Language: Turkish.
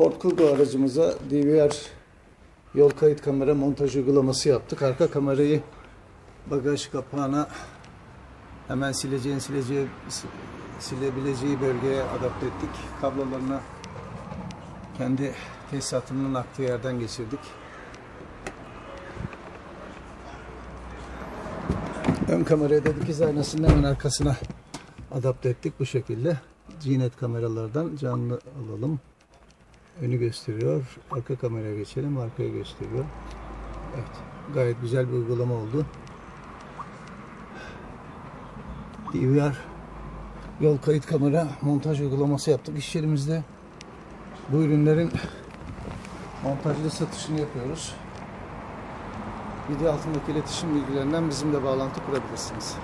Ford Kuga aracımıza DVR yol kayıt kamera montaj uygulaması yaptık. Arka kamerayı bagaj kapağına hemen sileceğin sileceği silebileceği bölgeye adapte ettik. Kablolarına kendi tesisatımın aktığı yerden geçirdik. Ön kamerayı da dikiz aynasının hemen arkasına adapte ettik bu şekilde. Cinet kameralardan canlı alalım önü gösteriyor. Arka kameraya geçelim. Arkaya gösteriyor. Evet. Gayet güzel bir uygulama oldu. DVR yol kayıt kamera montaj uygulaması yaptık iş yerimizde. Bu ürünlerin montajlı satışını yapıyoruz. Video altındaki iletişim bilgilerinden bizimle bağlantı kurabilirsiniz.